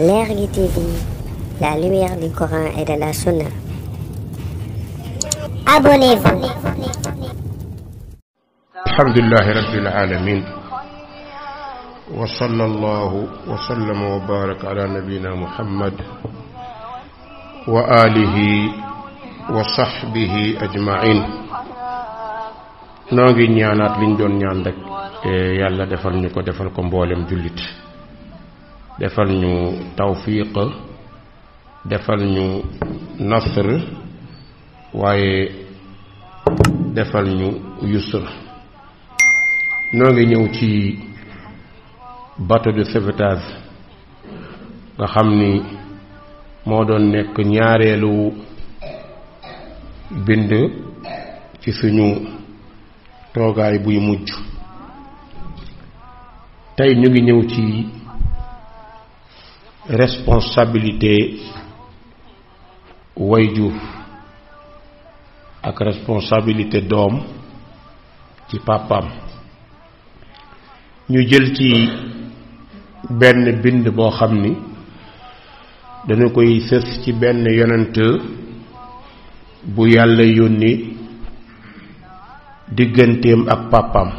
L'Ergue TV, la lumière du Coran et de la Sunna. Abonnez-vous. الحمد لله رب العالمين وصلى الله وسلم وبارك على نبينا محمد وآله وصحبه أجمعين نوغي نيانات لين دون نيان رك يالا ديفال نيكو ديفال كو مبولم جوليت defal ñu tawfiq defal ñu nasr waaye defal ñu yusr noo ngi ñëw ci bateau de sauvetage nga xam ni moo doon nekk ñaareelu bind ci suñu toogaay buy mujj tey ñu ngi ñëw ci responsabilité wayjur ak responsabilité doom ci pàppam ñu jël ci benn bind boo xam ni dana koy sës ci benn yonent bu yàlla yónni digganteem ak pàppam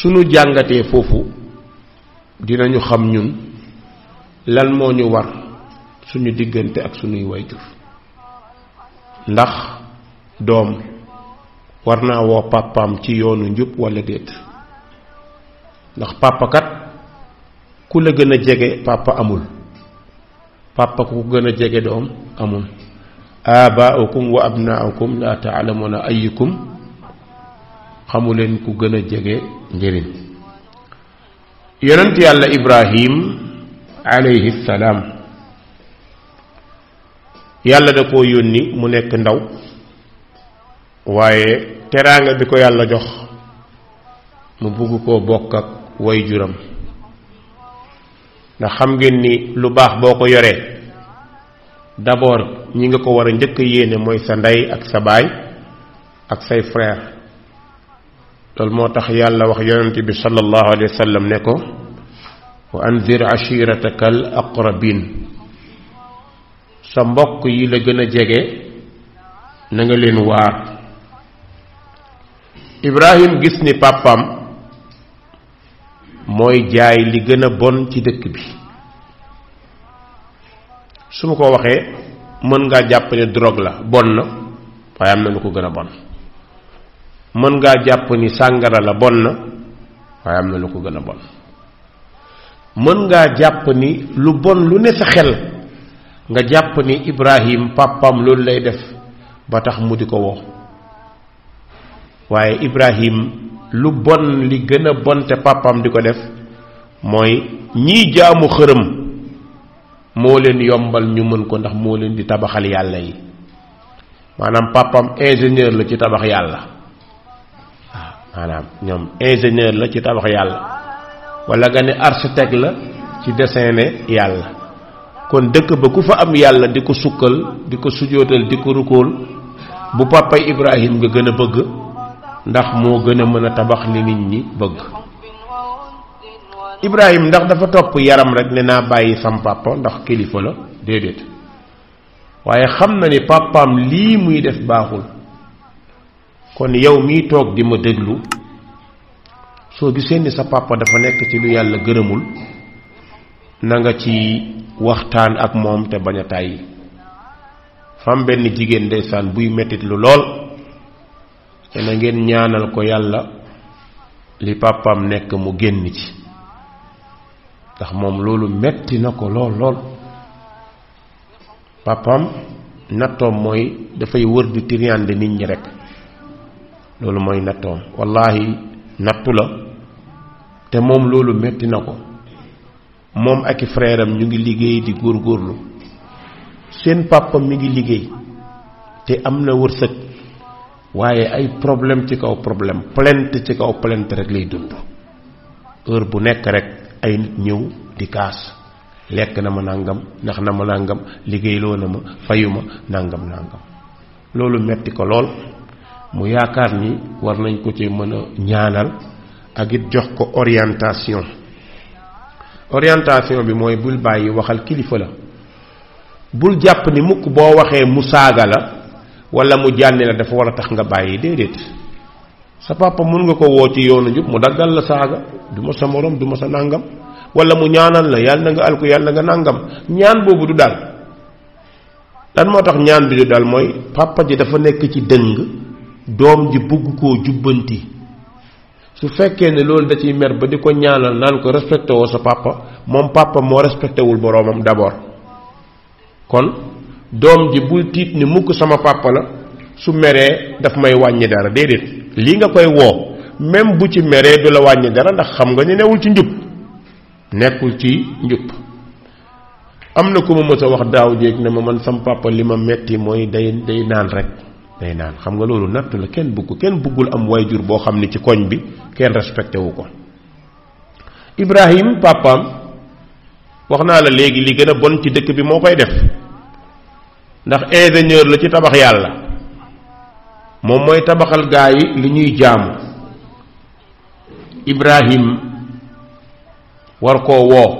sunu jàngatee foofu dinañu xam ñun lan moo ñu war suñu diggante ak suñuy wayjur ndax doom war naa woo pàppaam ci yoonu njub walla déet ndax pàppa ku la gën a jege pàpp amul pàppa ku gën a jege doom amul aabaaukum wa abnaaukum laa taalamuna ayukum xamuleen ku gën a jege njëriñ yonent yàlla ibrahim عليه السلام يالا داكو يوني مو نيك نداو وايي تيرانغا بيكو يالا جوخ مو بوغوكو بوك اك واي جورم دا خام نغين ني لو باخ بوكو يوري دابور نيغا كو ورا نديك يينه موي سا نداي اك سا باي اك ساي فرير لول موتاخ يالا واخ يونتي بي صلى الله عليه وسلم نيكو wa anzir ashirataka al aqrabin sa mbokk yi la gën a jege na nga leen waar Ibrahim gis ni pàppam mooy jaay li gën a bon ci dëkk bi su ma ko waxee mën ngaa jàpp ne drogue la bon na waaye am na lu ko gën a bon mën ngaa jàpp ni sàngara la bon na waaye am na lu ko gën a bon mën ngaa jàpp ni lu bon lu ne sa xel nga jàpp ni Ibrahim pàppam loolu lay def ba tax mu di ko woo waaye Ibrahim lu bon li gën a bon te pàppam di ko def mooy ñiy jaamu xërëm moo leen yombal ñu mën ko ndax moo leen di tabaxal yàlla yi maanaam pàppam ingénieur la ci tabax yàlla maanaam ñoom la ci tabax yàlla wala nga ne architecte la ci dessin ne yàlla kon dëkk ba ku fa am yàlla di ko sukkal di ko sujootal di ko rukool bu pàppay Ibrahim nga gën a bëgg ndax moo gën a mën a tabax li nit ñi bëgg Ibrahim ndax dafa topp yaram rek ne naa bàyyi sam ndax kilifa la déedéet waaye xam na ni pàppaam lii muy def baaxul kon yow miy toog di ma déglu so bi ni sa papa dafa nekk ci lu yàlla gërëmul na nga ci waxtaan ak moom te bañ a tàyyi fam benn jigéen ndeysaan buy mettit lu lool te na ngeen ñaanal ko yàlla li papam nekk mu génn ci ndax moom loolu metti na ko lool lool papam nattoom mooy dafay wër di tiriande nit ñi rek loolu mooy nattoom wallahi nattu te moom loolu metti na ko moom ak i frère ñu ngi liggéey di góor góorlu seen pàppam mi ngi liggéey te am na wërsëg waaye ay problème ci kaw problème plainte ci kaw plainte rek lay dund heure bu nekk rek ay ñëw di kaas lekk na ma nàngam ndax na ma nàngam liggéeyloo na ma fayuma nàngam nàngam loolu metti ko lool mu yaakaar ni war nañ ko ci mën a ñaanal ak it jox ko orientation orientation bi mooy bul bàyyi waxal kilifa la bul jàpp ni mukk boo waxee mu saaga la wala mu jànni la dafa war a tax nga bàyyi déedéet sa papa mun nga ko woo ci yoonu njub mu daggal la saaga du ma sa morom du ma sa nàngam wala mu ñaanal la yàlla na nga alku yàlla nga nàngam ñaan boobu du daal dan moo tax ñaan bi du daal mooy papa ji dafa nekk ci dëng doom ji bëgg koo jubbanti su fekkee ne loolu da ciy mer ba di ko ñaanal naan ko respecté woo sa papa moom papa moo respecté wul boroomam d'abord kon doom ji bul tiit ni mukk sama papa la su meree daf may wàññi dara déedéet lii nga koy woo même bu ci meree du la wàññi dara ndax xam nga ñu newul ci njub nekkul ci njub am na ku ma mës a wax daaw jéeg na ma man sama papa li ma metti mooy day day naan rek day naan xam nga loolu natt la kenn bëgg ko kenn buggul am waajur boo xam ni ci koñ bi kenn respecté wu ko Ibrahim papaam wax naa la léegi li gën a bon ci dëkk bi moo koy def ndax ingénieur la ci tabax yàlla moom mooy tabaxal gaa yi li ñuy jaamu Ibrahim war koo woo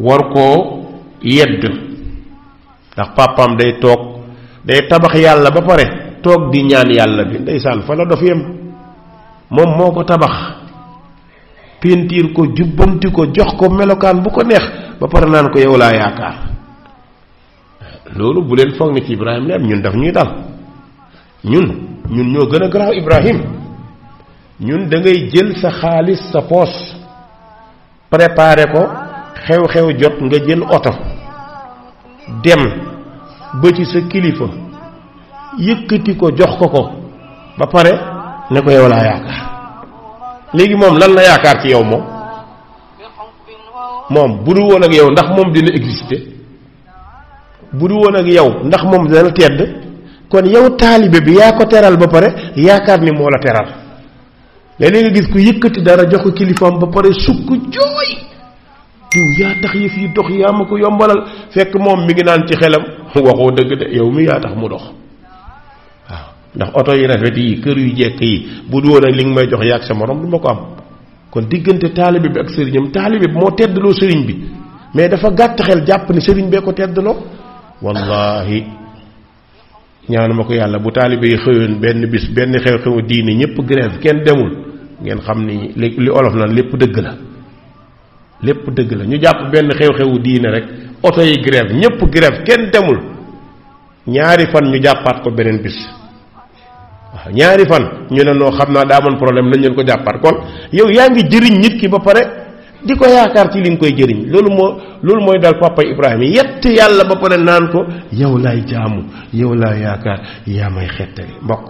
war koo yedd ndax papaam day toog day tabax yàlla ba pare toog di ñaan yàlla bi ndeysaan fa la dof yem moom moo ko tabax pentiir ko jubbanti ko jox ko melokaan bu ko neex ba pare naan ko yow laa yaakaar loolu bu leen ne ci ibrahim leem ñun daf ñuy dal ñun ñun ñoo gën a ibrahim ñun da ngay jël sa xaalis sa poos préparé ko xew-xew jot nga jël oto dem ba ci sa kilifa yëkkati ko jox ko ko ba pare ne ko yow laa yaakaar léegi moom lan la yaakaar ci yow moom moom bu du woon ak yow ndax moom dina exister bu woon ak yow ndax moom dana tedd kon yow taalibe bi yaa ko teral ba pare yaakaar ni moo la teral léeg-léeg nga gis ku yëkkati dara jox ko ba pare sukk jooy yaa tax yëf yi dox yaa ma ko yombalal fekk moom mi ngi naan ci xelam waxoo dëgg de yow mi yaa tax mu dox waaw ndax oto yi rafet yi kër yu jekk yi bu dul woon li nga may jox yaag sa morom du ma ko am kon diggante taalibe bi ak sëriñam taalibe bi moo teddloo sëriñ bi mais dafa gàtt xel jàpp ni sëriñ bee ko teddloo wallaahi ñaanu ma ko yàlla bu taalibe yi xëyoon benn bis benn xew-xewu diine ñëpp grève kenn demul ngeen xam ni li olof lépp dëgg la lépp dëgg la ñu jàpp benn xew-xewu diine rek auto yi grève ñepp grève kenn demul ñaari fan ñu jappat ko benen bis ñaari fan ñu ne no xamna da amon problème nañ leen ko jappat kon yow yaangi jëriñ nit ki ba paré diko yaakar ci liñ koy jëriñ loolu moo loolu mooy dal papa Ibrahim yett yàlla ba pare naan ko yow lay jaamu yow laa yaakaar yaa may xettali mbokk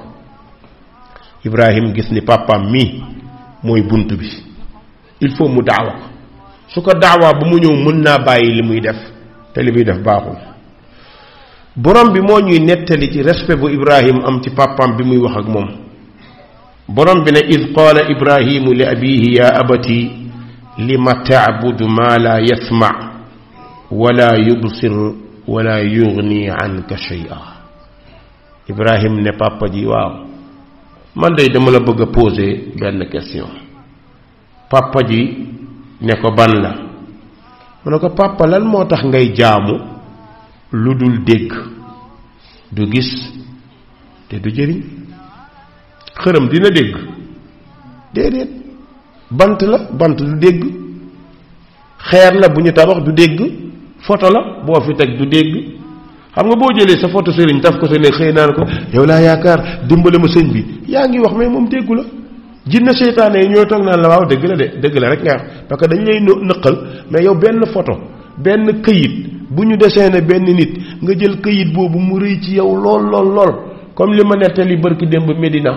ibrahim gis ni papa mi mooy bunt bi il faut mu daawa ko su ko daawa ba mu ñëw mën naa bàyyi li def te li def baaxul borom bi moo ñuy nettali ci respect bu ibrahim am ci papam bi muy wax ak moom borom bi ne id qala ibrahimu li abihi ya abati lima tabudu ma la yasma wala yubsir wala yugni anka shay'a ibrahim ne papa ji waaw man day dama la bëgg a poser benn question papa ji ne ko ban la mu ko papa lan motax ngay jaamu ludul deg du gis te du jeri dina deg, dedet bant la bant du deg xeer la bu tabax du deg photo la bo fi tek du deg xam nga bo jëlee sa photo serigne taf ko sene ko yow la yaakaar dimbale ma bi yaangi wax mais mom jinne seytaane yi ñoo toog naan la waaw dëgg la de dëgg la rek nga wax parce que dañu lay nëqal mais yow benn photo benn këyit bu ñu desee deseene benn nit nga jël këyit boobu mu rëy ci yow lool lool lool comme li ma nettali barki démb Medina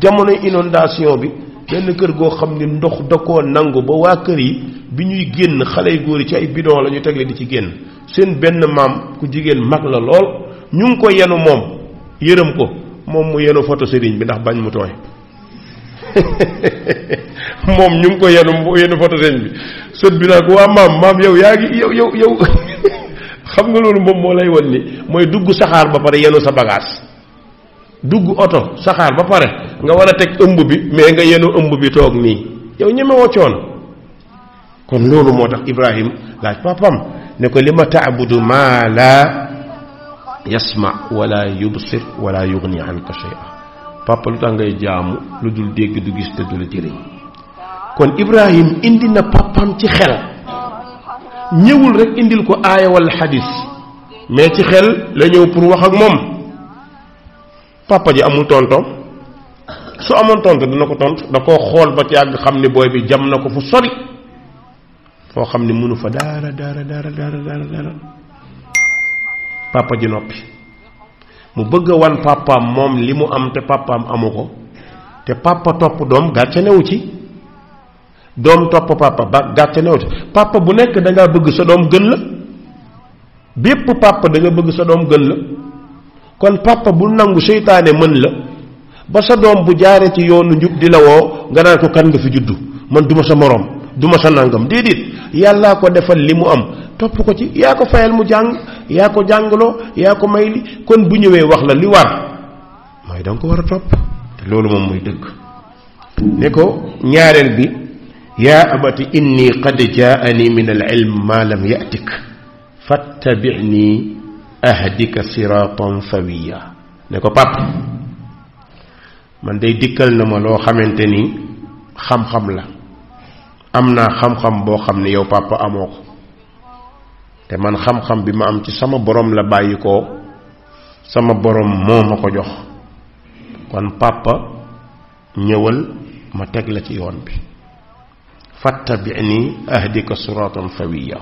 jamono inondation bi benn kër goo xam ne ndox da koo nangu ba waa kër yi bi ñuy génn xale yu góor yi ci ay bidon la ñu tegle di ci génn seen benn maam ku jigéen mag la lool ñu ngi ko yenu moom yërëm ko moom mu yenu photo sëriñ bi ndax bañ mu tooy moom ñu ngi ko yenu yenu photo sëñ bi sët bi naa waa maam maam yow yaa ngi yow yow xam nga loolu moom moo lay wan ni mooy dugg saxaar ba pare yenu sa bagage dugg oto saxaar ba pare nga war a teg ëmb bi mais nga yenu ëmb bi toog nii yow ñemewoo coon kon loolu moo tax Ibrahim laaj papam ne ko li ma taabudu maa laa yasma wala yubsir wala yugni anka shay'a papa lu tax ngay jaamu lu dul dégg du gis te du la jëriñ kon Ibrahim indi na papam ci xel ñëwul rek indil ko aaya wala xadis mais ci xel la ñëw pour wax ak moom papa ji amul tonto su amoon tonto dina ko tont da koo xool ba ci yàgg xam ni booy bi jam na ko fu sori foo xam ni mënu fa dara dara dara dara dara dara papa ji noppi mu bëgg wan pàppam moom li mu am te papaam amu ko te papa topp doom gàcce newu ci doom topp papa ba gàcce newu ci papa bu nekk da bëgg sa doom gën la bépp papa danga bëgg sa doom gën la kon papa bul nangu seytaane mën la ba sa doom bu jaaree ci yoonu njub di la woo nga naan ko kan nga fi juddu man duma sa moroom duma sa nangam déedéet yàllaa ko defal li mu am top ko ci ya ko fayal mu jang ya ko jàngaloo ya ko mayli kon bu ñewé wax la li war mooy dang ko wara top topp te loolu moom dëgg ne ko bi ya abati inni qad jaani min al ilm ma lam yatik fattabi'ni ahdika siratan sawiya ne ko pap man day dikkal na ma lo xamanteni xam-xam la amna xam-xam bo xamni yow papa amoko te man xam-xam bi ma am ci sama borom la bayiko sama borom momako jox kon papa ñëwal ma tek la ci yoon bi fattabi'ni ahdika siratan sawiya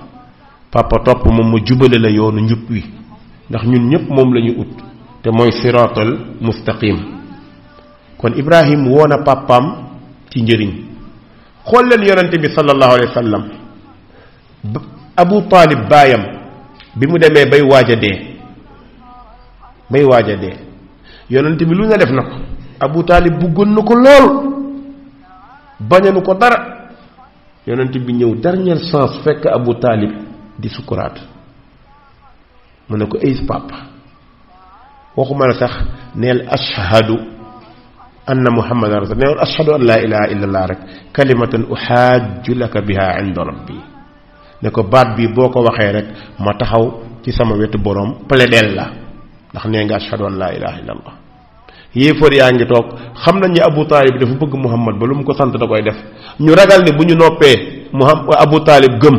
papa top mom ma jubale la yoonu ñup wi ndax ñun ñep mom lañu ut te moy siratal mustaqim kon ibrahim wona papam ci njëriñ xool leen yonente bi sallallahu alayhi wasallam abu taalib baayam bi mu demee bay waaj a dee bay waaj a dee yonent bi lu ne def na ko abu taalib bëggoon na ko lool bañanu ko dara yonent bi ñëw dernière chance fekk abu taalib di sukuraat mu ne ko eys papa waxuma la sax neel ashhadu anna muhammadan rasul neel ashhadu an laa ilaha illa allah rek kalimatan uxaaju laka biha inda rabbi ne ko baat bii boo ko waxee rek ma taxaw ci sama wetu boroom plaideel la ndax nee nga ashhadu laa ilaha illa allah yéefar yaa ngi toog xam nañ ne Abu Taalib dafa bëgg Muhammad ba lu mu ko sant da koy def ñu ragal ni bu ñu noppee Muhammad Abu Taalib gëm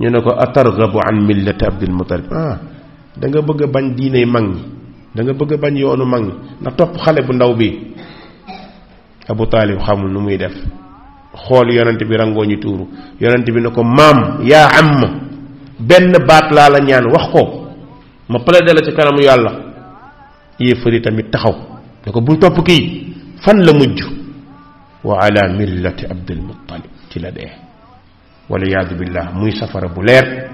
ñu ne ko atargabu an millati Abdul Muttalib ah da nga bëgg bañ diiney mag ñi da nga bëgg a bañ yoonu mag ñi na topp xale bu ndaw bi Abu Taalib xamul nu muy def xool yonent bi rangoo ñu tuuru yonent bi ne ko maam yaa am benn baat laa la ñaan wax ko ma plaidé la ci kanamu yàlla yéefari tamit taxaw ne ko bul topp fan la mujj wa ala millati abdul muttalib ci la dee waliyaadu billah muy safara bu leer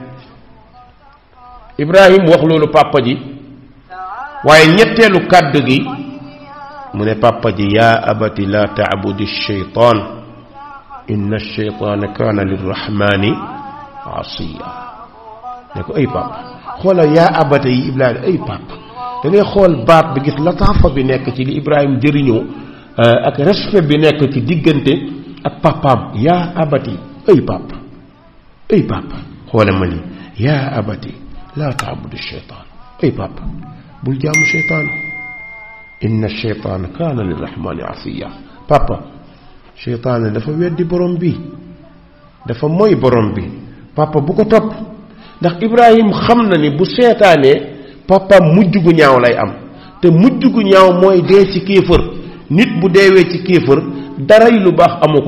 ibrahim wax loolu papa ji waaye ñetteelu kàddu gi mu ne papa ji yaa abati la taabudu shaytan إن الشيطان كان للرحمن عصيا نكو أي باب خول يا أبتي إبلاد أي باب تاني خول باب بجيس لطافة بنكتي لإبراهيم ديرينيو آه، أك رشفة بنكتي ديجنتي أك باب يا أبتي أي باب أي باب خول مني يا أبتي لا تعبد الشيطان أي باب بل جام الشيطان إن الشيطان كان للرحمن عصيا بابا seytaane dafa weddi borom bi dafa moy borom bi papa bu ko topp ndax ibrahim xam na ni bu seetaanee papa mujj gu ñaaw lay am te mujj gu ñaaw mooy dee ci kéefër nit bu deewee ci kéefër daray lu baax amu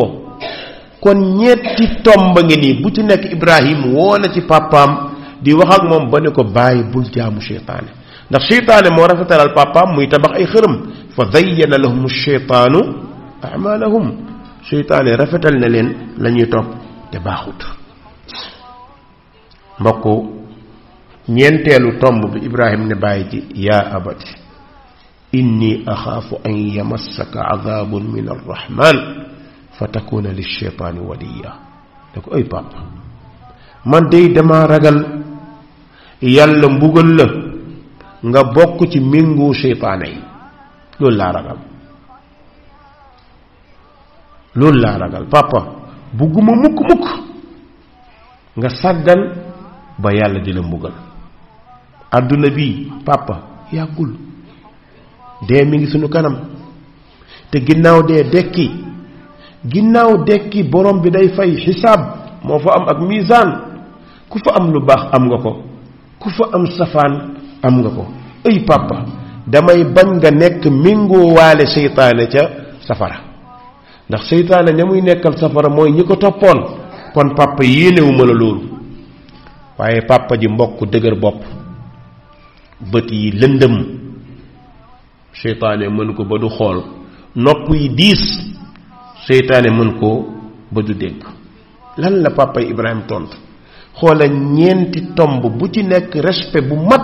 kon ñetti tomba ngi nii bu ci nekk ibrahim woo na ci papaam di wax ak moom ba ne ko bàyyi bul jaamu seytaane ndax seytaane moo rafetalal papaam muy tabax ay xërëm fa zayyana lahum sheytaanu amalahum seytaane rafetal na leen lañuy topp te baaxut mbokk ñeenteelu tomb bi ibrahim ne bàyyi ci yaa abati inni axaafu an yamassaka azabun min arrahman fa takuna lisheytaani waliya da ko ay pàpp man dey dama ragal yàlla mbugal la nga bokk ci méngoo seytaane yi loolu laa ragal loolu laa ragal papa bugguma mukk mukk nga sàggan ba yàlla di la mbugal àdduna bi papa yàggul dee mi ngi suñu kanam te ginnaaw dee dekki ginnaaw dekki borom bi day fay xisaab moo fa am ak misaan ku fa am lu baax am nga ko ku fa am safaan am nga ko ay papa damay bañ nga nekk mingoowaale seytaane ca safara ndax seytaane ña muy nekkal safara mooy ñi ko toppoon kon papa Yene la loolu waaye papa ji mbokk dëgër bopp bët yi lëndëm seytaane mën ko ba du xool nopp yi diis seytaane mën ko ba du dégg lan la papa ibrahim tont, xoola ñeenti tomb bu ci nekk respect bu mat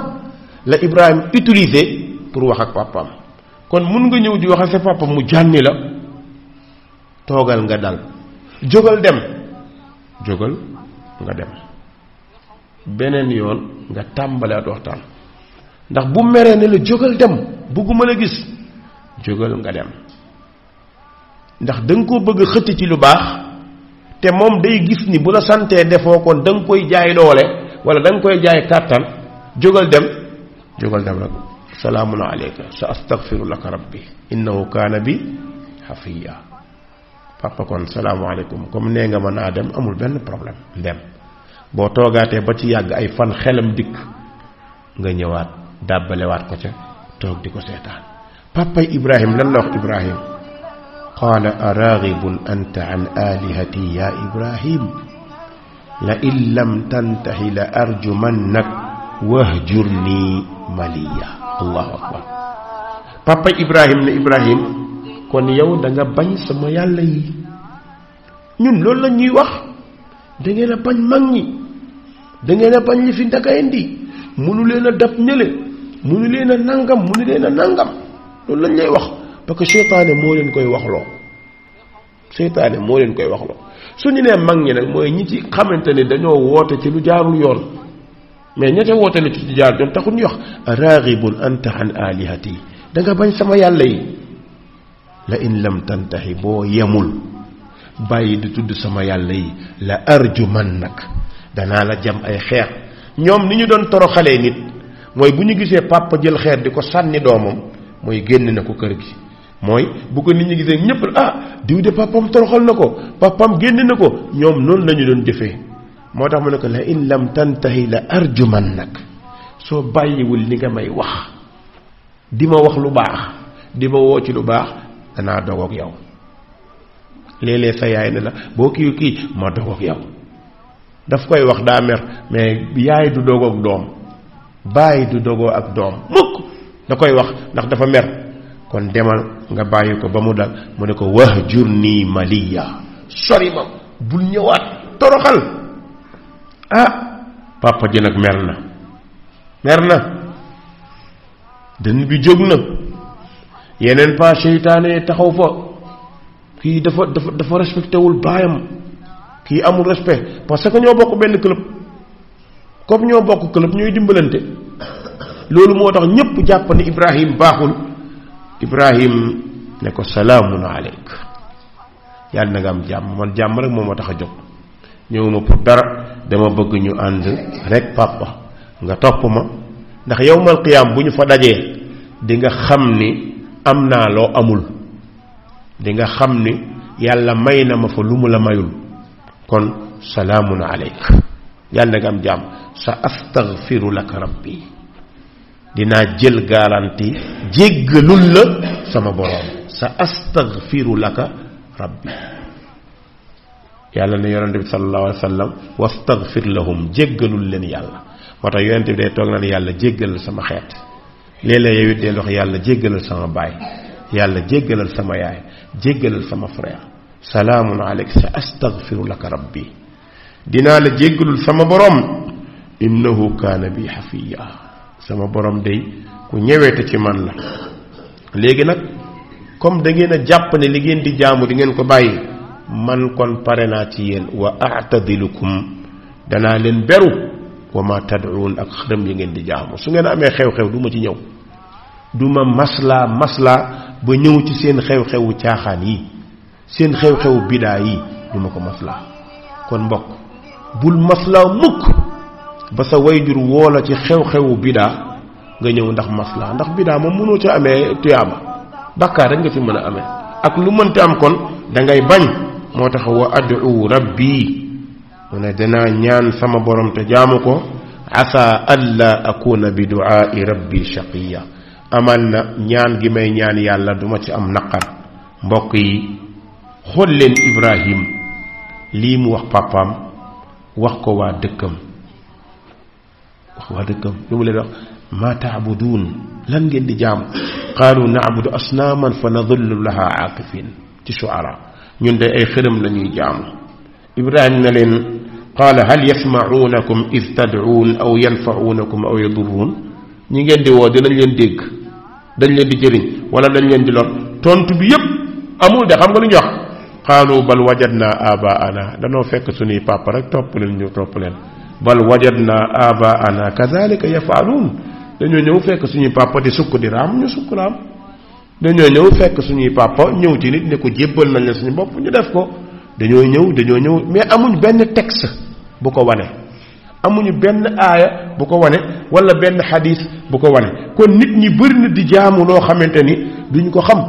la ibrahim utiliser pour wax ak kon mun nga ñëw di wax sa papa mu jànni la toogal nga dal jógal dem jógal nga dem beneen yoon nga tàmbale at waxtaan ndax bu meree ne la jógal dem bëgguma la gis jógal nga dem ndax da nga ko bëgg xëtt ci lu baax te moom day gis ni bu la santee defoo kon da koy jaay doole wala da koy jaay kàttan jógal dem jógal dem rek salaamun aleyka sa astaghfiru laka rabbi innahu kaana bi xafiya papa kon salamu alaykum comme ne nga man adam amul ben problème dem bo togaté ba ci yag ay fan xelam dik nga ñëwaat dabalé waat ko ca tok diko papa ibrahim lan la wax ibrahim qala araghib anta an alihati ya ibrahim la illam lam tantahi la arjumannak wahjurni maliya allah akbar papa ibrahim ne ibrahim kon yow da bañ sama yàlla yi ñun loolu la ñuy wax da ngeen a bañ mag ñi da ngeen a bañ li fi ndaka indi munu leen a dab ñële nu leen a nangam munu leen a nangam loolu lañ lay wax parce que seytaane moo leen koy waxloo seytaane moo leen koy waxloo su ñu nee mag ñi nag mooy ñi ci xamante ne dañoo woote ci lu jaarul yoon mais ña ca woote la ci jaar yoon taxul ñu wax raagibun anta an alihati da nga bañ sama yàlla yi la in lam tantahi bo yamul bayyi di tudd sama yalla yi la arju man nak danaa la jam ay xex ñom ni ñu toro xale nit moy bu ñu gisee papa jël xeer diko sanni domam moy genn na ko kër gi moy bu ko nit ñi gisé ñepp ah diw de papam toroxal na ko papam génn na ko ñoom noonu la ñu doon jëfee mu nako la in lam tantahi la arjuman so bayyi wul li nga may wax di wax lu baax di wo ci lu baax dana dog ak yow Lele sa yaay ne la bo ki ki ma dog ak yow daf koy wax da mer mais yaay du dog ak dom bàyyi du dogo ak dom mukk da koy wax ndax dafa mer kon demal nga bàyyi ko ba mu dal mu ne ko wax maliya sori ma bu ñewat toroxal ah papa ji nak merna? Merna? dañ bi jóg yenen pa seytaane taxaw fa ki dafa dafa dafa respecté wul bayam ki amul respect parce que ñoo bokk benn club comme ñoo bokk club ñoy dimbalante lolu mo tax ñëpp jàpp ni ibrahim baxul ibrahim ne ko salamun alek yal na gam jam man jam rek moma taxa jox ñewuma pour dara dama bëgg ñu and rek papa nga top ma ndax yowmal qiyam buñu fa dajé di nga xamni am naa loo amul di nga xam yàlla may na ma fa lu mu la mayul kon salaamun aleyk yàlla nga am sa astaghfiru lak rabbi dinaa jël garanti jéggalul la sama borom sa astaghfiru lak rabbi yàlla ne yonente bi sallallahu alayhi wa sallam wastaghfir lahum jéggalul leen yàlla moo tax yonente bi day toog na yàlla jéggal sama xeet leeg ya yow it del wax yàlla jéggalal sama baay yàlla jéggalal sama yaay jéggalal sama frère salamun aleyk sa astaghfiru laka rabbi dina la jéggalul sama borom innahu kaana bi xafiya sama borom day ku ñëweete ci man la legi nak comme da ngeena jàpp ne li ngeen di jaamu di ngeen ko bàyyi man kon parena ci yéen wa a'tadilukum dana len beru wa ma tad'un ak xërëm yi ngeen di jaamu su ngeen amee xew-xew duma ci ñëw duma masla masla ba ñëw ci seen xew xewu tiaxan yi seen xew xewu bida yi duma ko masla kon mbokk bul masla mukk ba sa wayjur wola ci xew xewu bida nga ñëw ndax masla ndax bida moom mënoo ci amee tiyama bakkaar rek nga ci mën a amee ak lu mënta am kon da ngay bañ moo tax wa adu rabbi mu ne danaa ñaan sama borom te jaamu ko asa alla akuna bi duaai rabbi shaqiya amal na ñaan gi may ñaan yàlla duma ci am naqar mbokk yi xol leen ibrahim lii mu wax papaam wax ko waa dëkkam wax waa dëkkam lu mu leen wax ma taabuduun lan ngeen di jaam qalu naabudu asnaaman fa nadullu laha aakifin ci suara ñun day ay xërëm la ñuy jaamu ibrahim na leen قال هل يسمعونكم إذ تدعون أو ينفعونكم أو يضرون نيغي ngeen وو دي dinañ leen dañ leen di jëriñ wala dañ leen di lor tontu bi yëpp amul de xam nga lu ñu wax xaalu bal aba abaana danoo fekk suñuy papa rek topp leen ñu topp leen bal wajadna ka kazalika yafaaluun dañoo ñëw fekk suñuy papa di sukk di raam ñu sukk raam dañoo ñëw fekk suñuy papa ñëw ci nit ne ko jébbal nañ la suñu bopp ñu def ko dañoo ñëw dañoo ñëw mais amuñ benn texte bu ko wane amuñu benn aaya bu ko wane wala benn xadiis bu ko wane kon nit ñi bëri na di jaamu loo xamante ni duñu ko xam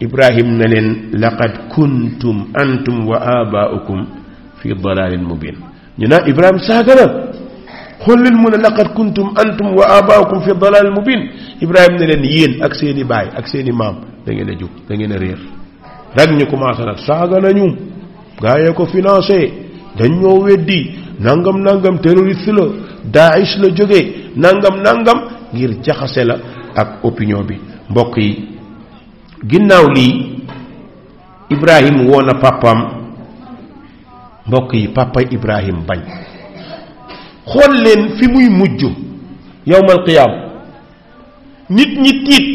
ibrahim na leen laqad kuntum antum wa abaaukum fi dalalin mubin ñu naan ibrahim saaga na xool leen a ne laqad kuntum antum wa abaaukum fi dalalin mubin ibrahim na leen yéen ak seeni baay ak seeni i maam da a jóg da ngeen a réer rek ñu commencé nag saaga nañu gaa yee ko financé dañ ñoo weddi nangam nangam terroriste la daesh la jógee nangam nangam ngir jaxase la ak opinion bi mbokk yi ginnaaw lii ibrahim woo na papam mbokk yi papa ibrahim bañ xool leen fi muy mujj yowmal qiyam nit ñi tiit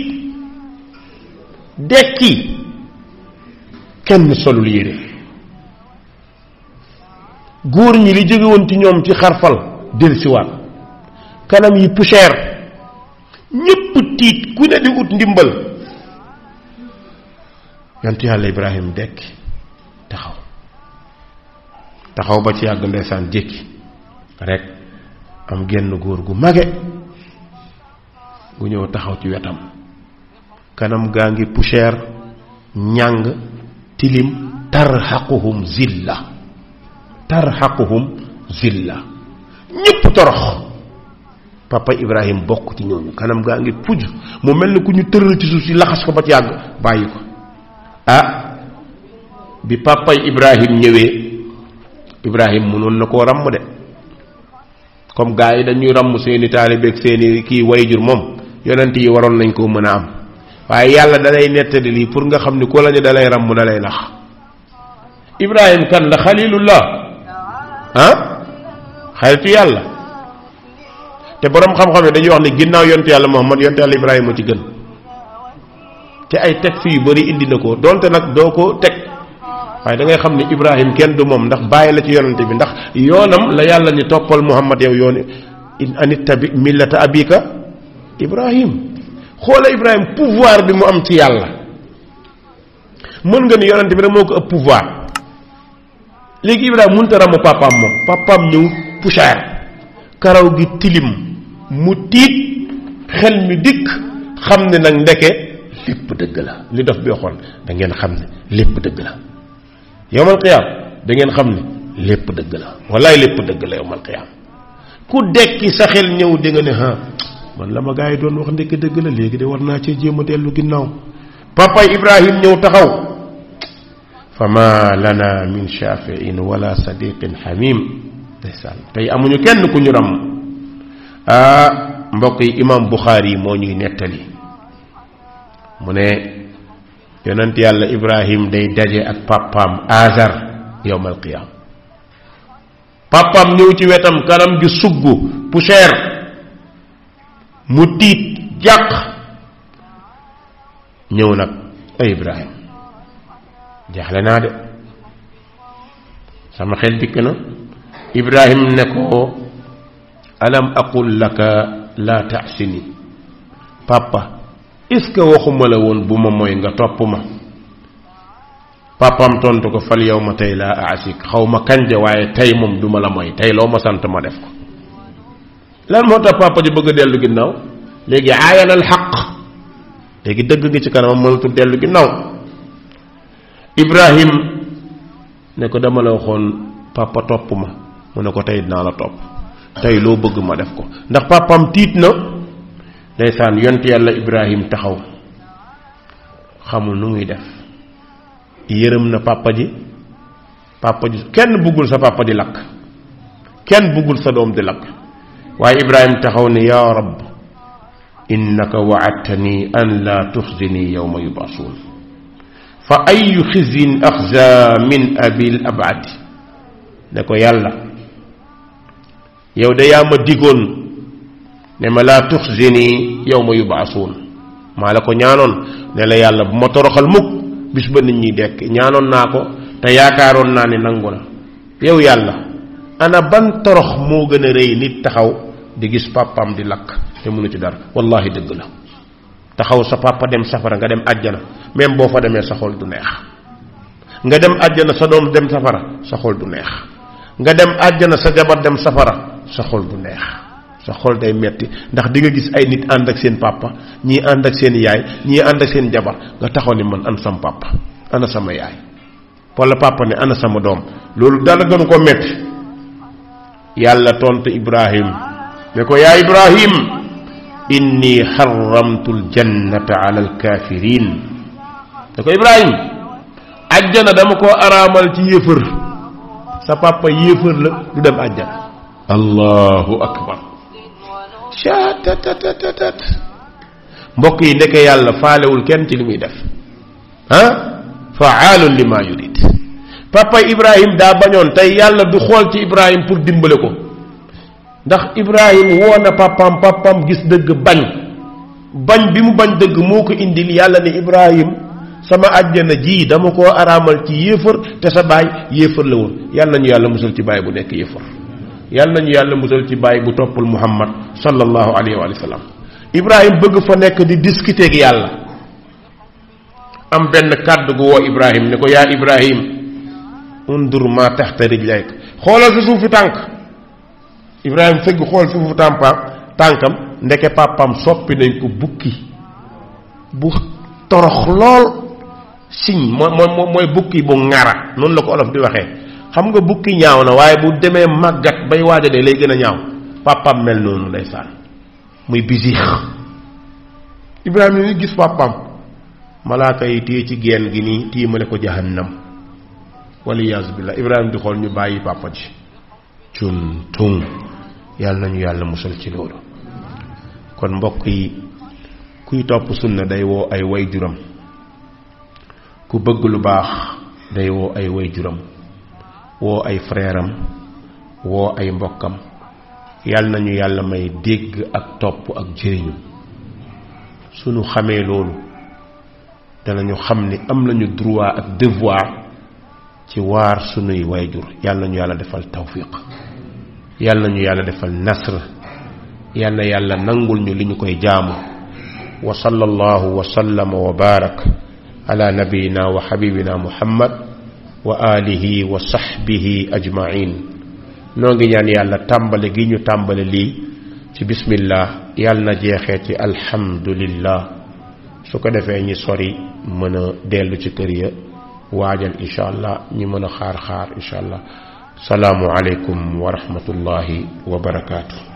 dekki kenn solul yére góor ñi li jóge woon ci ñoom ci xarfal del siwaat kanam yi poussière ñépp tiit ku ne di ut ndimbal yontu yàlla ibrahim dekk taxaw taxaw ba ci yàgg ndeysaan jékki rek am genn góor gu mage gu ñëw taxaw ci wetam kanam gaa ngi poussière ñàng tilim tarxaquhum zilla tarxaquhum zilla ñépp torox papa Ibrahim bokk ci ñooñu kanam gaa ngi puj mu mel ni ku ñu tëral ci suuf si laxas ko ba ci yàgg bàyyi ko ah bi papa Ibrahim ñëwee Ibrahim mënoon na koo ràmm de comme gaa yi dañuy ràmm seeni taalibeeg seeni kii wayjur moom yonent yi waroon nañ koo mën a am waaye yàlla dalay nettali lii pour nga xam ni ko la ñu dalay ràmm dalay nax Ibrahim kan la xalilullah ah xaritu yàlla te borom xam-xam yi dañuy wax ne ginnaaw yontu yàlla Muhammad yontu yàlla Ibrahima moo ci gën te ay teg fi yu bari indi na ko donte nag doo ko teg waaye dangay xam ni Ibrahima kenn du moom ndax bàyyi la ci yonante bi ndax yoonam la yàlla ni toppal Muhammad yow yoon in anit tabi millata abika Ibrahim mu am ci yàlla mën nga ni yonante bi rek moo ko ëpp pouvoir léegi Ibrahima mënut a ràmm papaam moom papaam ñëw poussière karaw gi tilim. mu tiit xel mi dikk xam ne nag ndeke lépp dëgg la li def bi waxoon da xam ne lépp dëgg la yowmal qiyaam da ngeen xam ne lépp dëgg la wallaay lépp dëgg la yowmal qiyaam ku dekki sa xel ñëw di nga ne ah man la ma gars yi doon wax ndekki dëgg la léegi de war naa cee jéema a dellu ginnaaw papa Ibrahim ñëw taxaw fa ma lana min shafiin wala sadiqin xamim tey amuñu kenn ku ñu ram ah mbokk yi imam yi moo ñuy nettali mu ne yonent yàlla Ibrahim day daje ak pàppaam Azar yowmal qiyaam pàppaam ñëw ci wetam kanam gi sugg poussière mu tiit jàq ñëw nag ay Ibrahim jaaxle naa de sama xel dikk na Ibrahim ne ko alam aqul laka la ta'sini papa est ce waxuma la won buma moy nga topuma papam tontu ko fal yawma tay la a'sik xawma kanje waye tay mom duma la moy tay lo ma sant ma def ko lan papa ji bëgg delu ginnaw legi aayana al haqq legi deug gi ci kanam delu ginnaw ibrahim ne ko dama la waxon papa topuma mu ne ko tay dina la topu tay lo bëgg ma def ko ndax papam tiit na ndeysaan yont yàlla ibrahim taxaw xamul nu muy def yërëm na papa ji papa ji kenn bëggul sa papa di lakk kenn bëggul sa doom di lakk waaye ibrahim taxaw ne ya rab innaka waadtani an la tuxzini yowma yubasuun fa ayu xizin axza min abi l abadi ne ko yàlla yow ya de yaa ma digoon ne ma laa zini yow ma yubaasuun maa la ko ñaanoon ne la yàlla bu ma toroxal mukk bis ba nit ñi dekk ñaanoon naa ko te yaakaaroon naa ne yow yàlla ana ban torox moo gën a nit taxaw di gis papam di lakk te mënu ci dara wallahi dëgg la taxaw sa papa dem safara nga dem àjjana même boo fa demee sa xol du neex nga dem àjjana sa doom dem safara sa xol du neex nga dem àjjana sa jabar dem safara sa xol bu neex sa xol day metti ndax di nga gis ay nit ànd ak seen papa ñii ànd ak seen yaay ñii ànd ak seen jabar nga taxaw ni man an sama papa ana sama yaay wala papa ne ana sama doom loolu dara gënu ko metti yàlla tontu Ibrahim ne ko yaa Ibrahim inni xaramtu aljannata ala alkaafiriin ne ko Ibrahim àjjana dama koo araamal ci yéefër sa papa yéefër la du dem àjjana allahu akbar mbokk yi ndeke yàlla faalewul kenn ci li muy def ah faalun li maa yurid papa ibrahim daa bañoon tey yàlla du xool ci ibrahim pour dimbale ko ndax ibrahim woo na papam gis dëgg bañ bañ bi mu bañ dëgg moo ko indil yàlla ne ibrahim sama àjjana jii dama koo araamal ci yéefar te sa baay yéefar la woon yàlla nañu yàlla musal ci baay bu nekk yéefar Yalla nañu yalla musal ci baye bu topul muhammad sallallahu alaihi wa sallam ibrahim bëgg fa nek di discuter ak yalla am ben kaddu gu ibrahim ne ko ya ibrahim undur ma taxta rijlayk xoolal su suufu tank ibrahim xol su suufu tampa tankam ndeke papam soppi nañ ko bukki bu torox lool moy moy moy bukki bu ngara non la ko olof di waxe xam nga bukki ñaaw na waaye bu demee màggat bay waaja de lay gën a ñaaw pàppam mel noonu ndeysaan muy bisiix ibrahima ni gis pàppam malaaka yi téye ci geen gi nii tiimale ko jahannam waliyaas billah ibrahima di xool ñu bàyyi pàppa ci cun tun yàlla nañu yàlla musal ci loolu kon mbokk yi kuy topp sunna day woo ay way juram ku bëgg lu baax day woo ay woy juram wo ay frèram wo ay mbokam yàlla nañu yàlla may deg ak top ak jëriñu suñu xamé lolu danañu xam xamni am nañu droit ak devoir ci war suñu wayjur yàlla ñu yàlla defal tawfiq yàlla ñu yàlla defal nasr yàlla yàlla nangul ñu liñ koy jaamu wa sallallahu wa sallama wa baraka ala nabiyina wa habibina muhammad وآله وصحبه أجمعين نوغي ياني يالا تامبالي غي نيو تامبالي لي تي بسم الله يالنا جيخي تي الحمد لله سوكو دافاي ني سوري مانا ديلو تي كريا واجال ان شاء الله ني مانا خار خار ان شاء الله السلام عليكم ورحمه الله وبركاته